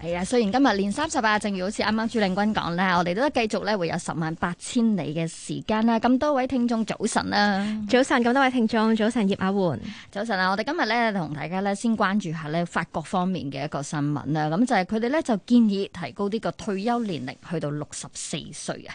係啊，雖然今日年三十啊，正如好似啱啱朱令君講咧，我哋都繼續咧會有十萬八千里嘅時間啦。咁多位聽眾早晨啦，早晨，咁多位聽眾早晨，葉阿煥，早晨啊！我哋今日咧同大家咧先關注下咧法國方面嘅一個新聞啦。咁就係佢哋咧就建議提高呢個退休年齡去到六十四歲啊。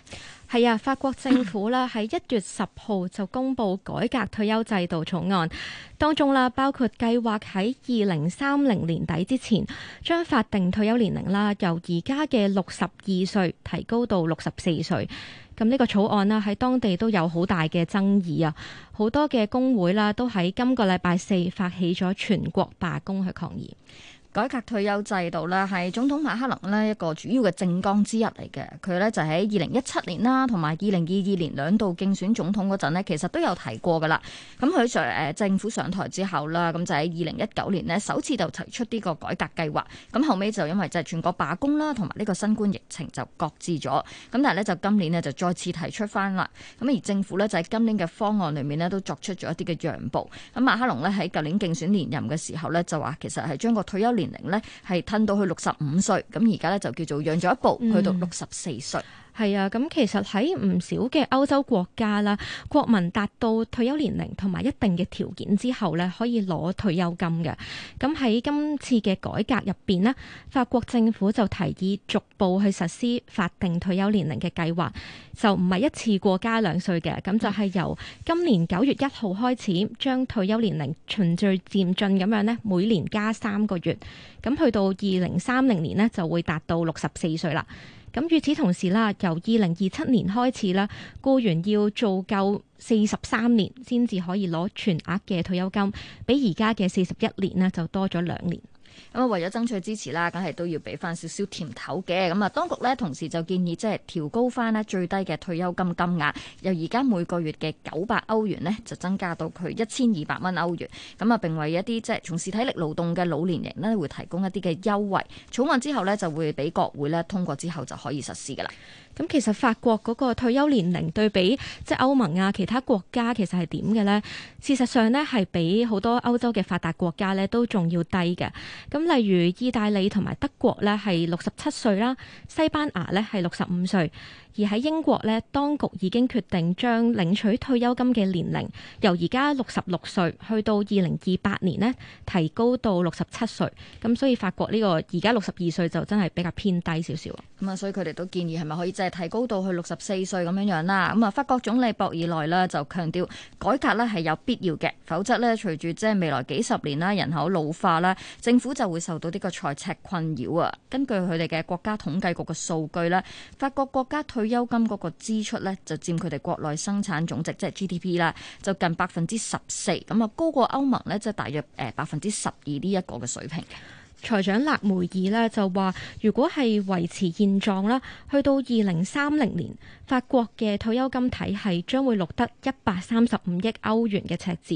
係啊，法國政府啦，喺一月十號就公佈改革退休制度草案當中啦，包括計劃喺二零三零年底之前將法定退休年齡啦由而家嘅六十二歲提高到六十四歲。咁呢個草案啦喺當地都有好大嘅爭議啊，好多嘅工會啦都喺今個禮拜四發起咗全國罷工去抗議。改革退休制度咧，係總統馬克龍呢一個主要嘅政綱之一嚟嘅。佢呢就喺二零一七年啦，同埋二零二二年兩度競選總統嗰陣呢，其實都有提過噶啦。咁佢上政府上台之後啦，咁就喺二零一九年呢，首次就提出呢個改革計劃。咁後尾就因為就係全國罷工啦，同埋呢個新冠疫情就擱置咗。咁但係呢，就今年呢，就再次提出翻啦。咁而政府呢，就喺今年嘅方案裏面呢，都作出咗一啲嘅讓步。咁馬克龍呢，喺舊年競選連任嘅時候呢，就話其實係將個退休年年齡咧係褪到去六十五歲，咁而家咧就叫做讓咗一步，去到六十四歲。嗯。係啊，咁其實喺唔少嘅歐洲國家啦，國民達到退休年齡同埋一定嘅條件之後呢，可以攞退休金嘅。咁喺今次嘅改革入邊呢，法國政府就提議逐步去實施法定退休年齡嘅計劃，就唔係一次過加兩歲嘅，咁就係由今年九月一號開始，將退休年齡循序漸進咁樣呢，每年加三個月，咁去到二零三零年呢，就會達到六十四歲啦。咁與此同時啦，由二零二七年開始啦，雇員要做夠四十三年先至可以攞全額嘅退休金，比而家嘅四十一年呢就多咗兩年。咁啊，為咗爭取支持啦，梗係都要俾翻少少甜頭嘅。咁啊，當局咧同時就建議即係調高翻咧最低嘅退休金金額，由而家每個月嘅九百歐元咧，就增加到佢一千二百蚊歐元。咁啊，並為一啲即係從事體力勞動嘅老年人咧，會提供一啲嘅優惠。草案之後咧，就會俾國會咧通過之後就可以實施㗎喇。咁其實法國嗰個退休年齡對比即係歐盟啊，其他國家其實係點嘅呢？事實上呢，係比好多歐洲嘅發達國家呢都仲要低嘅。咁例如意大利同埋德國呢，係六十七歲啦，西班牙呢，係六十五歲。而喺英國咧，當局已經決定將領取退休金嘅年齡由而家六十六歲去到二零二八年咧，提高到六十七歲。咁所以法國呢個而家六十二歲就真係比較偏低少少。咁啊，所以佢哋都建議係咪可以即係提高到去六十四歲咁樣樣啦？咁啊，法國總理博爾內呢就強調改革呢係有必要嘅，否則呢，隨住即係未來幾十年啦人口老化啦，政府就會受到呢個財赤困擾啊。根據佢哋嘅國家統計局嘅數據呢，法國國家退退休金嗰個支出咧，就佔佢哋國內生產總值，即係 GDP 啦，就近百分之十四，咁啊高過歐盟咧，即係大約誒百分之十二呢一個嘅水平。財長勒梅爾咧就話，如果係維持現狀啦，去到二零三零年，法國嘅退休金體系將會錄得一百三十五億歐元嘅赤字；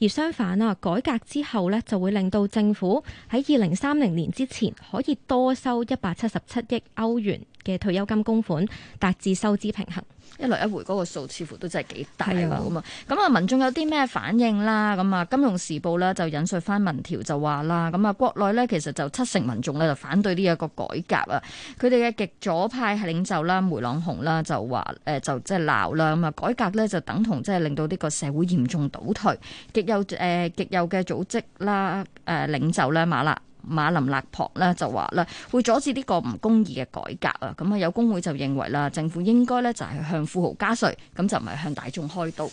而相反啊，改革之後咧，就會令到政府喺二零三零年之前可以多收一百七十七億歐元嘅退休金供款，達至收支平衡。一來一回嗰個數似乎都真係幾大啊嘛。咁啊的、嗯，民眾有啲咩反應啦？咁啊，《金融時報》咧就引述翻民調就話啦，咁啊，國內咧其實就七成民眾咧就反對呢一個改革啊。佢哋嘅極左派係領袖啦，梅朗雄啦就話誒就即係鬧啦。咁啊，改革咧就等同即係令到呢個社會嚴重倒退。極右誒、呃、極右嘅組織啦誒、呃、領袖咧馬喇。馬林勒龐咧就話啦，會阻止呢個唔公義嘅改革啊！咁啊，有工會就認為啦，政府應該咧就係向富豪加稅，咁就唔係向大眾開刀。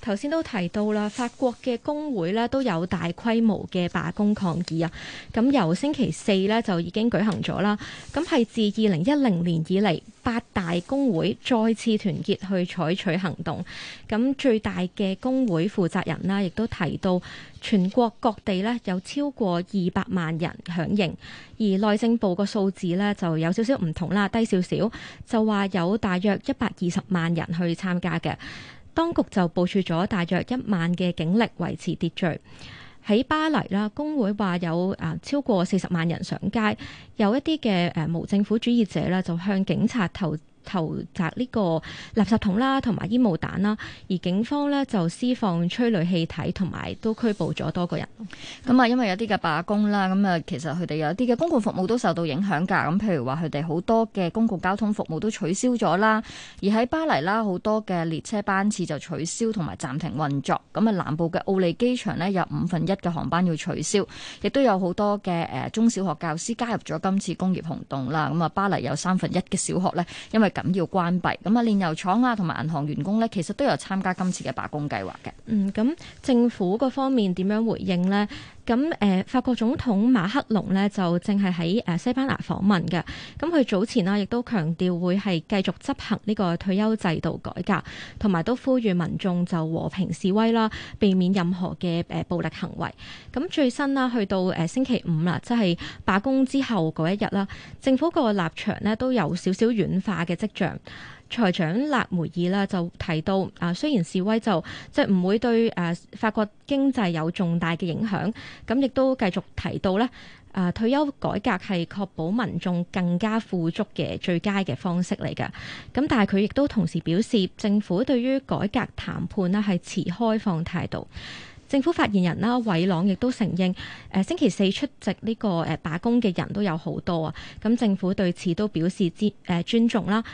頭先都提到啦，法國嘅工會咧都有大規模嘅罷工抗議啊！咁由星期四咧就已經舉行咗啦。咁係自二零一零年以嚟，八大工會再次團結去採取行動。咁最大嘅工會負責人啦，亦都提到全國各地呢有超過二百萬人響應，而內政部個數字呢，就有少少唔同啦，低少少就話有大約一百二十萬人去參加嘅。當局就部署咗大約一萬嘅警力維持秩序。喺巴黎啦，工會話有啊超過四十萬人上街，有一啲嘅誒無政府主義者啦就向警察投。投擲呢個垃圾桶啦，同埋煙霧彈啦，而警方呢，就施放催淚氣體，同埋都拘捕咗多個人。咁啊、嗯，嗯、因為有啲嘅罷工啦，咁啊，其實佢哋有啲嘅公共服務都受到影響㗎。咁譬如話，佢哋好多嘅公共交通服務都取消咗啦，而喺巴黎啦，好多嘅列車班次就取消同埋暫停運作。咁啊，南部嘅奧利機場呢，有五分一嘅航班要取消，亦都有好多嘅誒中小學教師加入咗今次工業行動啦。咁啊，巴黎有三分一嘅小學呢，因為咁要關閉，咁啊煉油廠啊，同埋銀行員工咧，其實都有參加今次嘅罷工計劃嘅。嗯，咁政府嗰方面點樣回應呢？咁誒，法國總統馬克龍呢，就正係喺誒西班牙訪問嘅。咁佢早前啦，亦都強調會係繼續執行呢個退休制度改革，同埋都呼籲民眾就和平示威啦，避免任何嘅誒暴力行為。咁最新啦，去到誒星期五啦，即係罷工之後嗰一日啦，政府個立場呢，都有少少軟化嘅跡象。財長勒梅爾啦，就提到啊，雖然示威就即係唔會對誒法國經濟有重大嘅影響，咁亦都繼續提到咧啊、呃，退休改革係確保民眾更加富足嘅最佳嘅方式嚟㗎。咁但係佢亦都同時表示，政府對於改革談判咧係持開放態度。政府發言人啦，韋朗亦都承認誒、呃、星期四出席呢個誒罷工嘅人都有好多啊。咁政府對此都表示尊誒尊重啦。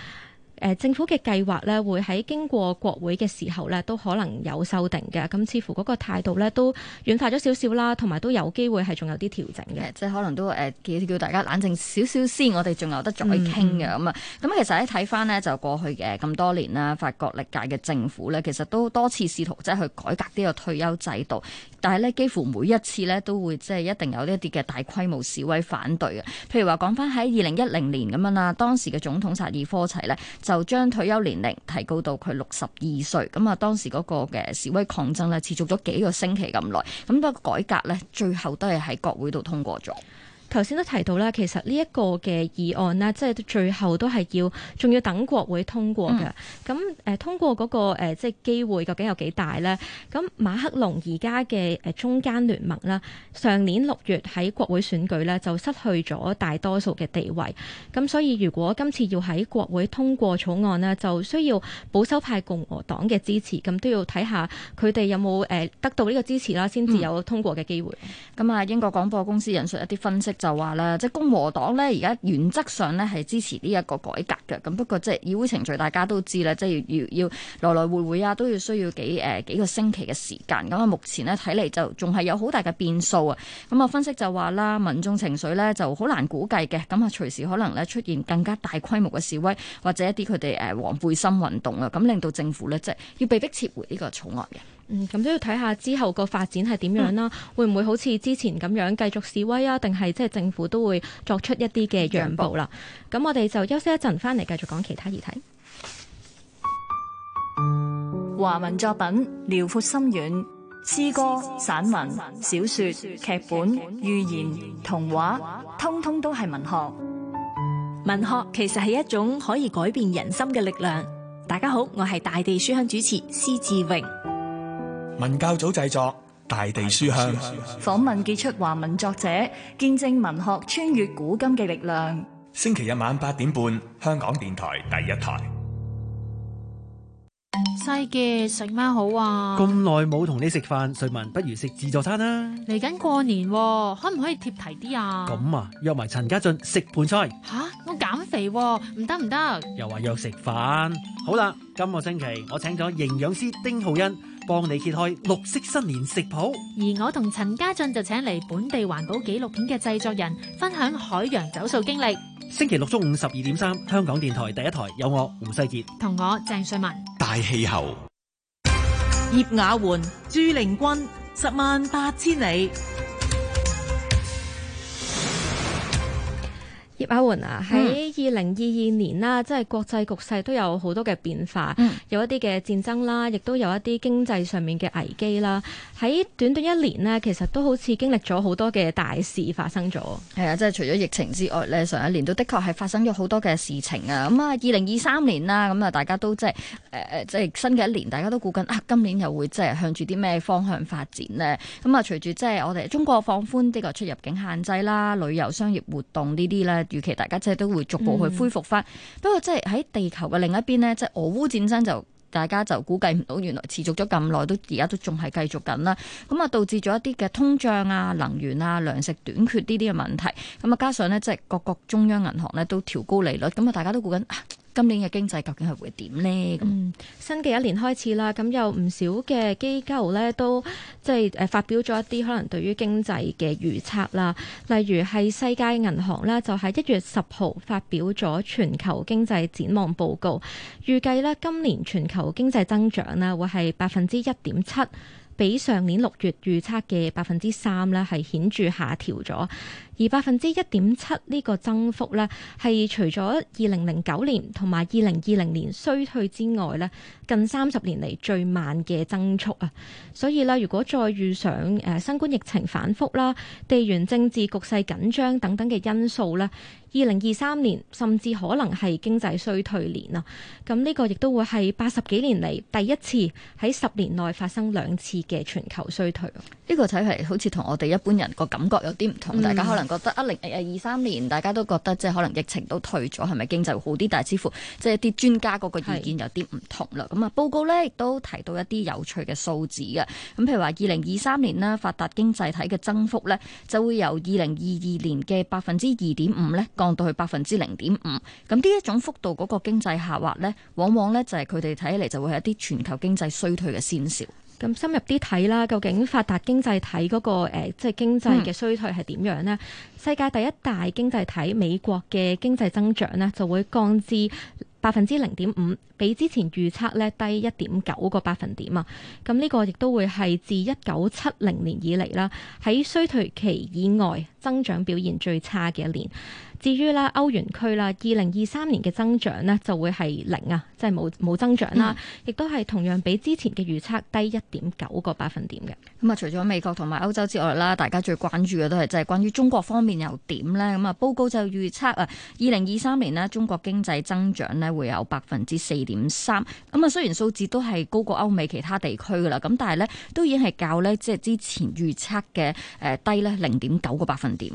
誒、呃、政府嘅計劃咧，會喺經過國會嘅時候咧，都可能有修訂嘅。咁似乎嗰個態度咧，都軟化咗少少啦，同埋都有機會係仲有啲調整嘅。嗯、即係可能都誒、呃，叫大家冷靜少少先，我哋仲有得再傾嘅咁啊。咁、嗯、其實咧睇翻呢，就過去嘅咁多年啦，法國歷屆嘅政府咧，其實都多次試圖即係去改革呢個退休制度。但係咧，幾乎每一次咧都會即係一定有一啲嘅大規模示威反對嘅。譬如話講返喺二零一零年咁樣啦，當時嘅總統薩爾科齊咧就將退休年齡提高到佢六十二歲。咁啊，當時嗰個嘅示威抗爭咧持續咗幾個星期咁耐，咁個改革咧最後都係喺國會度通過咗。頭先都提到啦，其實呢一個嘅議案咧，即係最後都係要仲要等國會通過嘅。咁誒、嗯，通過嗰、嗰個即係機會究竟有幾大呢？咁馬克龍而家嘅誒中間聯盟啦，上年六月喺國會選舉呢，就失去咗大多數嘅地位。咁所以如果今次要喺國會通過草案呢，就需要保守派共和黨嘅支持。咁都要睇下佢哋有冇誒得到呢個支持啦，先至有通過嘅機會。咁啊、嗯，嗯、英國廣播公司引述一啲分析。就話啦，即係共和黨咧，而家原則上咧係支持呢一個改革嘅，咁不過即係議會程序，大家都知啦，即係要要要來來回回啊，都要需要幾誒幾個星期嘅時間，咁啊目前呢，睇嚟就仲係有好大嘅變數啊，咁啊分析就話啦，民眾情緒咧就好難估計嘅，咁啊隨時可能咧出現更加大規模嘅示威或者一啲佢哋誒黃背心運動啊，咁令到政府咧即係要被迫撤回呢個草案嘅。嗯，咁都要睇下之後個發展係點樣啦。嗯、會唔會好似之前咁樣繼續示威啊？定係即係政府都會作出一啲嘅讓步啦？咁步我哋就休息一陣，翻嚟繼續講其他議題。華文作品遼闊深遠，詩歌、散文、小說、劇本、寓言、童話，通通都係文學。文學其實係一種可以改變人心嘅力量。大家好，我係大地書香主持施志榮。文教組製作《大地書香》，訪問傑出華文作者，見證文學穿越古今嘅力量。星期日晚八點半，香港電台第一台。西嘅食咩好啊？咁耐冇同你食飯，食飯不如食自助餐啦。嚟緊過年，可唔可以貼題啲啊？咁啊，約埋陳家俊食盤菜。吓？我減肥，唔得唔得。又話約食飯，好啦。今個星期我請咗營養師丁浩恩。幫你揭開綠色新年食譜，而我同陳家俊就請嚟本地環保紀錄片嘅製作人，分享海洋走數經歷。星期六中午十二點三，香港電台第一台。有我胡世杰，同我鄭瑞文，大氣候，葉雅媛，朱玲君，十萬八千里。阿換啊！喺二零二二年啦，即係國際局勢都有好多嘅變化，嗯、有一啲嘅戰爭啦，亦都有一啲經濟上面嘅危機啦。喺短短一年呢，其實都好似經歷咗好多嘅大事發生咗。係啊、嗯，即係除咗疫情之外咧，上一年都的確係發生咗好多嘅事情啊。咁、嗯、啊，二零二三年啦，咁啊，大家都即係誒誒，即、呃、係、就是、新嘅一年，大家都估緊啊，今年又會即係向住啲咩方向發展呢？咁、嗯、啊，隨住即係我哋中國放寬呢個出入境限制啦、旅遊、商業活動呢啲咧。預期大家即係都會逐步去恢復翻，嗯、不過即係喺地球嘅另一邊咧，即係俄烏戰爭就大家就估計唔到，原來持續咗咁耐都而家都仲係繼續緊啦，咁啊導致咗一啲嘅通脹啊、能源啊、糧食短缺呢啲嘅問題，咁啊加上咧即係各國中央銀行咧都調高利率，咁啊大家都估緊。啊今年嘅經濟究竟係會點呢？咁、嗯、新嘅一年開始啦，咁有唔少嘅機構咧都即係誒發表咗一啲可能對於經濟嘅預測啦。例如係世界銀行咧，就喺一月十號發表咗全球經濟展望報告，預計咧今年全球經濟增長咧會係百分之一點七。比上年六月預測嘅百分之三咧，係顯著下調咗。而百分之一點七呢個增幅咧，係除咗二零零九年同埋二零二零年衰退之外咧，近三十年嚟最慢嘅增速啊。所以咧，如果再遇上誒新冠疫情反覆啦、地緣政治局勢緊張等等嘅因素咧，二零二三年甚至可能係經濟衰退年啊！咁呢個亦都會係八十幾年嚟第一次喺十年內發生兩次嘅全球衰退。呢個睇嚟好似同我哋一般人個感覺有啲唔同，嗯、大家可能覺得二零二三年大家都覺得即係可能疫情都退咗，係咪經濟會好啲？但係似乎即係啲專家個個意見有啲唔同啦。咁啊是，報告呢亦都提到一啲有趣嘅數字嘅。咁譬如話，二零二三年咧，發達經濟體嘅增幅呢，就會由二零二二年嘅百分之二點五呢，降到去百分之零點五，咁呢一種幅度嗰個經濟下滑呢，往往呢就係佢哋睇起嚟就會係一啲全球經濟衰退嘅先兆。咁深入啲睇啦，究竟發達經濟體嗰個誒即係經濟嘅衰退係點樣呢？嗯、世界第一大經濟體美國嘅經濟增長呢就會降至百分之零點五，比之前預測呢低一點九個百分點啊。咁呢個亦都會係自一九七零年以嚟啦，喺衰退期以外增長表現最差嘅一年。至於咧歐元區啦，二零二三年嘅增長咧就會係零啊，即係冇冇增長啦，亦都係同樣比之前嘅預測低一點九個百分點嘅。咁啊、嗯，除咗美國同埋歐洲之外啦，大家最關注嘅都係即係關於中國方面又點呢？咁啊，報告就預測啊，二零二三年呢，中國經濟增長咧會有百分之四點三。咁啊、嗯，雖然數字都係高過歐美其他地區噶啦，咁但係呢，都已經係較呢，即係之前預測嘅誒低呢，零點九個百分點。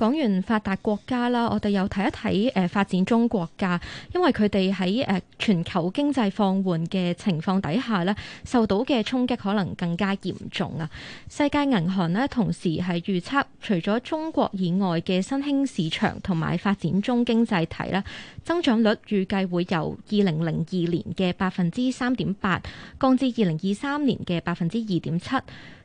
講完發達國家啦，我哋又睇一睇誒發展中國家，因為佢哋喺誒全球經濟放緩嘅情況底下咧，受到嘅衝擊可能更加嚴重啊！世界銀行咧同時係預測，除咗中國以外嘅新興市場同埋發展中經濟體咧，增長率預計會由二零零二年嘅百分之三點八，降至二零二三年嘅百分之二點七。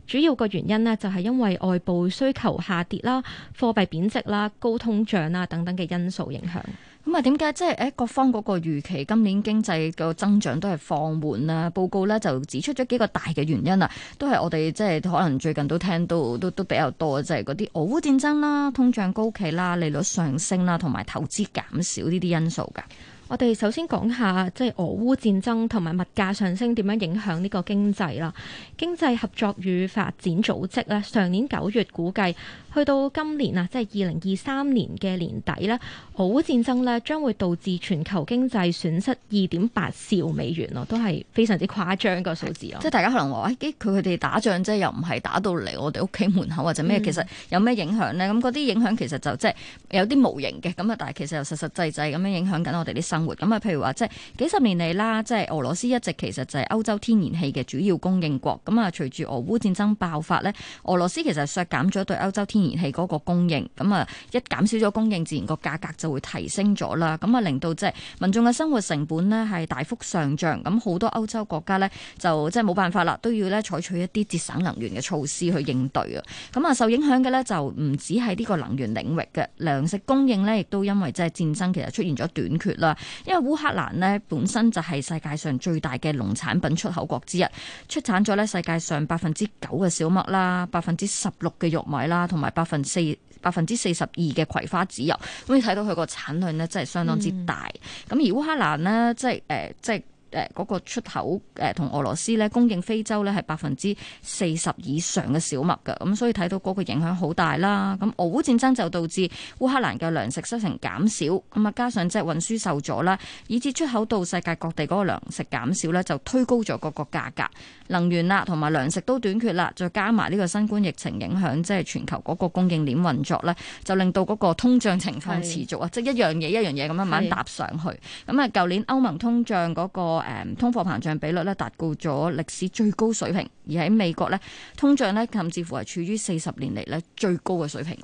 主要個原因呢，就係因為外部需求下跌啦、貨幣貶值啦、高通脹啦等等嘅因素影響。咁啊，點解即係誒各方嗰個預期今年經濟嘅增長都係放緩啦？報告咧就指出咗幾個大嘅原因啊，都係我哋即係可能最近都聽到都都比較多，即係嗰啲俄烏戰爭啦、通脹高企啦、利率上升啦，同埋投資減少呢啲因素㗎。我哋首先講下即係俄烏戰爭同埋物價上升點樣影響呢個經濟啦。經濟合作與發展組織咧，上年九月估計去到今年啊，即係二零二三年嘅年底咧，俄烏戰爭咧將會導致全球經濟損失二點八兆美元咯，都係非常之誇張個數字咯。即係大家可能話喂，佢佢哋打仗即係又唔係打到嚟我哋屋企門口或者咩，嗯、其實有咩影響咧？咁嗰啲影響其實就即係有啲無形嘅咁啊，但係其實又實實際際咁樣影響緊我哋啲生活咁啊，譬如話即係幾十年嚟啦，即係俄羅斯一直其實就係歐洲天然氣嘅主要供應國。咁啊，隨住俄烏戰爭爆發咧，俄羅斯其實削減咗對歐洲天然氣嗰個供應。咁啊，一減少咗供應，自然個價格就會提升咗啦。咁啊，令到即係民眾嘅生活成本咧係大幅上漲。咁好多歐洲國家咧就即係冇辦法啦，都要咧採取一啲節省能源嘅措施去應對啊。咁啊，受影響嘅咧就唔止係呢個能源領域嘅糧食供應咧，亦都因為即係戰爭其實出現咗短缺啦。因為烏克蘭咧本身就係世界上最大嘅農產品出口國之一，出產咗咧世界上百分之九嘅小麥啦，百分之十六嘅玉米啦，同埋百分四百分之四十二嘅葵花籽油，咁你睇到佢個產量咧真係相當之大。咁、嗯、而烏克蘭咧即係誒即係。呃就是誒嗰個出口誒同俄羅斯咧供應非洲咧係百分之四十以上嘅小麥㗎，咁所以睇到嗰個影響好大啦。咁俄烏戰爭就導致烏克蘭嘅糧食收成減少，咁啊加上即係運輸受阻啦，以致出口到世界各地嗰個糧食減少咧，就推高咗嗰個價格。能源啦同埋糧食都短缺啦，再加埋呢個新冠疫情影響，即係全球嗰個供應鏈運作咧，就令到嗰個通脹情況持續啊，即係是一樣嘢一樣嘢咁慢慢搭上去。咁啊是，舊年歐盟通脹嗰個。誒通貨膨脹比率咧達到咗歷史最高水平，而喺美國咧，通脹咧甚至乎係處於四十年嚟咧最高嘅水平。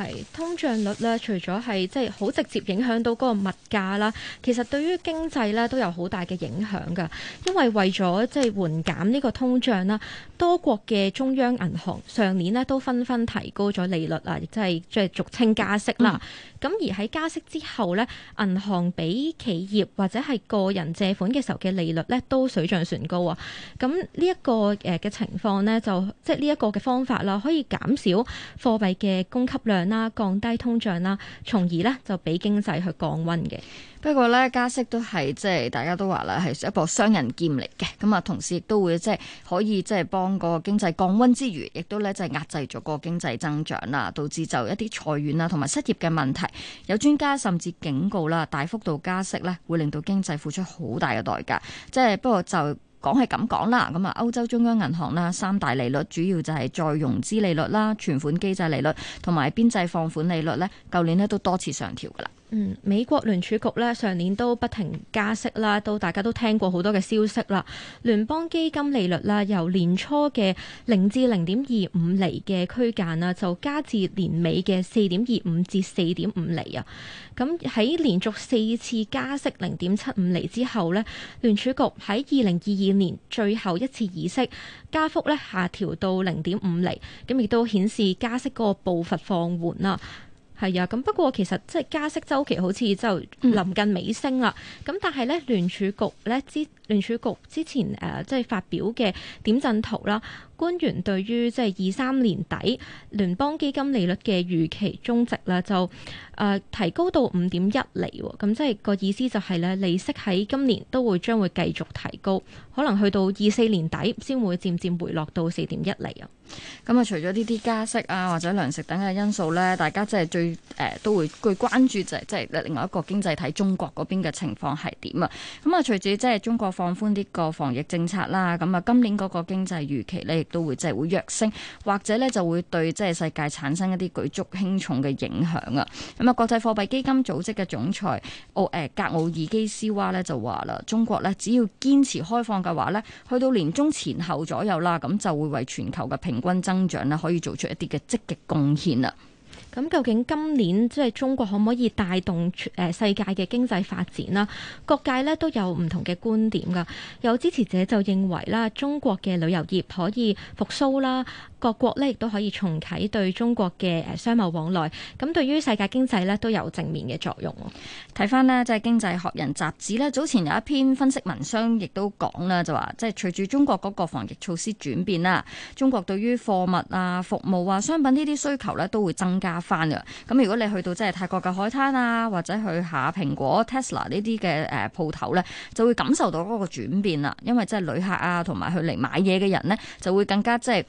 係通脹率咧，除咗係即係好直接影響到嗰個物價啦，其實對於經濟咧都有好大嘅影響㗎。因為為咗即係緩減呢個通脹啦，多國嘅中央銀行上年咧都紛紛提高咗利率啊，亦即係即係俗稱加息啦。咁、嗯、而喺加息之後咧，銀行俾企業或者係個人借款嘅時候嘅利率咧都水漲船高啊。咁呢一個誒嘅情況咧，就即係呢一個嘅方法啦，可以減少貨幣嘅供給量。啦，降低通脹啦，從而咧就俾經濟去降溫嘅。不過咧，加息都係即係大家都話啦，係一個雙刃劍嚟嘅。咁啊，同時亦都會即係可以即係幫個經濟降溫之餘，亦都咧即係壓制咗個經濟增長啦，導致就一啲裁員啦同埋失業嘅問題。有專家甚至警告啦，大幅度加息咧會令到經濟付出好大嘅代價。即係不過就。講係咁講啦，咁啊歐洲中央銀行啦，三大利率主要就係再融資利率啦、存款機制利率同埋邊際放款利率咧，舊年咧都多次上調噶啦。嗯，美國聯儲局咧上年都不停加息啦，都大家都聽過好多嘅消息啦。聯邦基金利率啦，由年初嘅零至零點二五厘嘅區間啊，就加至年尾嘅四點二五至四點五厘。啊、嗯。咁喺連續四次加息零點七五厘之後咧，聯儲局喺二零二二年最後一次議息加幅咧下調到零點五厘，咁、嗯、亦都顯示加息嗰個步伐放緩啦。係啊，咁不過其實即係加息周期好似就臨近尾聲啦。咁、嗯、但係咧聯儲局咧之聯儲局之前誒即係發表嘅點陣圖啦。官員對於即係二三年底聯邦基金利率嘅預期中值啦，就誒、呃、提高到五點一厘喎，咁即係個意思就係、是、咧，利息喺今年都會將會繼續提高，可能去到二四年底先會漸漸回落到四點一厘啊。咁啊、嗯，除咗呢啲加息啊或者糧食等嘅因素咧，大家即係最誒、呃、都會最關注就係即係另外一個經濟體中國嗰邊嘅情況係點啊。咁、嗯、啊，隨住即係中國放寬啲個防疫政策啦，咁、嗯、啊今年嗰個經濟預期咧。都會即係、就是、會躍升，或者呢就會對即係、就是、世界產生一啲舉足輕重嘅影響啊！咁、嗯、啊，國際貨幣基金組織嘅總裁奧誒、哦欸、格奧爾基斯娃呢，就話啦：，中國呢，只要堅持開放嘅話呢，去到年中前後左右啦，咁就會為全球嘅平均增長呢，可以做出一啲嘅積極貢獻啊！咁究竟今年即係、就是、中國可唔可以帶動誒世界嘅經濟發展啦？各界咧都有唔同嘅觀點噶，有支持者就認為啦，中國嘅旅遊業可以復甦啦，各國咧亦都可以重啟對中國嘅誒商貿往來，咁對於世界經濟咧都有正面嘅作用。睇翻咧即係經濟學人雜誌咧，早前有一篇分析文章亦都講啦，就話即係隨住中國嗰個防疫措施轉變啦，中國對於貨物啊、服務啊、商品呢啲需求咧都會增加。翻嘅，咁如果你去到即係泰國嘅海灘啊，或者去下蘋果、Tesla 呢啲嘅誒鋪頭咧，呃、就會感受到嗰個轉變啦。因為即係旅客啊，同埋去嚟買嘢嘅人呢，就會更加即係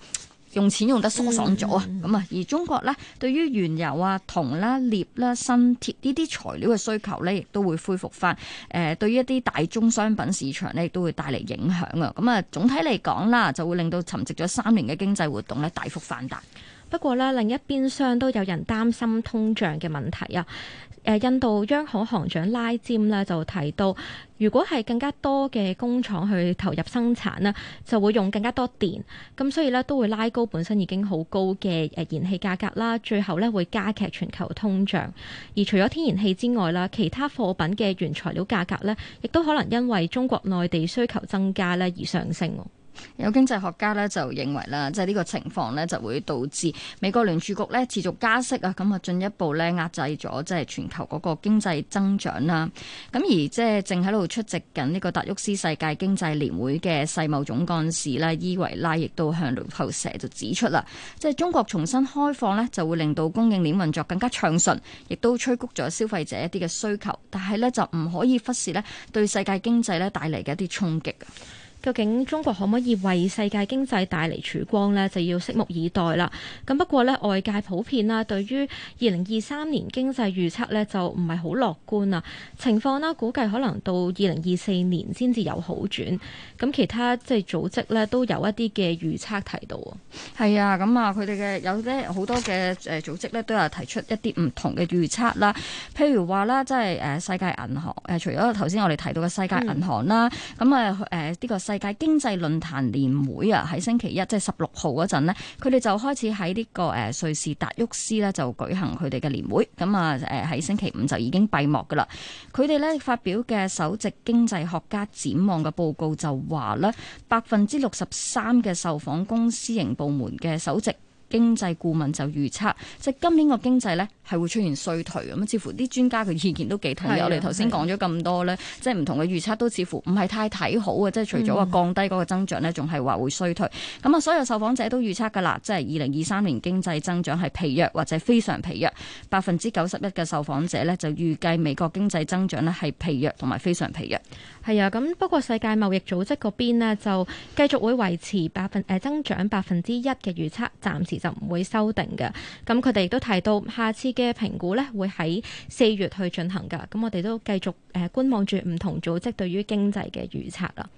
用錢用得疏爽咗啊。咁啊，而中國呢，對於原油啊、銅啦、啊、鎳啦、啊、新鐵呢啲材料嘅需求呢，亦都會恢復翻。誒、呃，對於一啲大宗商品市場呢，都會帶嚟影響啊。咁、嗯、啊，總體嚟講啦，就會令到沉寂咗三年嘅經濟活動呢大幅反彈。不過咧，另一邊廂都有人擔心通脹嘅問題啊！誒、呃，印度央行行長拉詹咧就提到，如果係更加多嘅工廠去投入生產啦，就會用更加多電，咁所以咧都會拉高本身已經好高嘅燃氣價格啦，最後咧會加劇全球通脹。而除咗天然氣之外啦，其他貨品嘅原材料價格咧，亦都可能因為中國內地需求增加咧而上升。有經濟學家咧就認為啦，即係呢個情況咧就會導致美國聯儲局咧持續加息啊，咁啊進一步咧壓制咗即係全球嗰個經濟增長啦。咁而即係正喺度出席緊呢個達沃斯世界經濟年會嘅世貿總幹事咧伊維拉亦都向路透社就指出啦，即係中國重新開放咧就會令到供應鏈運作更加暢順，亦都催谷咗消費者一啲嘅需求，但係呢，就唔可以忽視咧對世界經濟咧帶嚟嘅一啲衝擊。究竟中國可唔可以為世界經濟帶嚟曙光呢？就要拭目以待啦。咁不過咧，外界普遍啦，對於二零二三年經濟預測呢，就唔係好樂觀啊。情況啦，估計可能到二零二四年先至有好轉。咁其他即係組織呢，都有一啲嘅預測提到啊。係啊，咁啊，佢哋嘅有咧好多嘅誒組織呢，都有提出一啲唔同嘅預測啦。譬如話啦，即係誒世界銀行誒，除咗頭先我哋提到嘅世界銀行啦，咁啊誒呢個。世界經濟論壇年會啊，喺星期一，即係十六號嗰陣呢，佢哋就開始喺呢個誒瑞士達沃斯呢就舉行佢哋嘅年會。咁啊，誒喺星期五就已經閉幕噶啦。佢哋呢發表嘅首席經濟學家展望嘅報告就話呢，百分之六十三嘅受訪公司營部門嘅首席。經濟顧問就預測，即係今年個經濟呢係會出現衰退。咁似乎啲專家嘅意見都幾同嘅。我哋頭先講咗咁多呢，即係唔同嘅預測都似乎唔係太睇好嘅。即係除咗話降低嗰個增長呢，仲係話會衰退。咁啊，所有受訪者都預測㗎啦，即係二零二三年經濟增長係疲弱或者非常疲弱。百分之九十一嘅受訪者呢，就預計美國經濟增長呢係疲弱同埋非常疲弱。係啊，咁不過世界貿易組織嗰邊呢就繼續會維持百分，誒增長百分之一嘅預測，暫時。就唔會修訂嘅，咁佢哋亦都提到下次嘅評估咧，會喺四月去進行㗎，咁我哋都繼續誒觀望住唔同組織對於經濟嘅預測啦。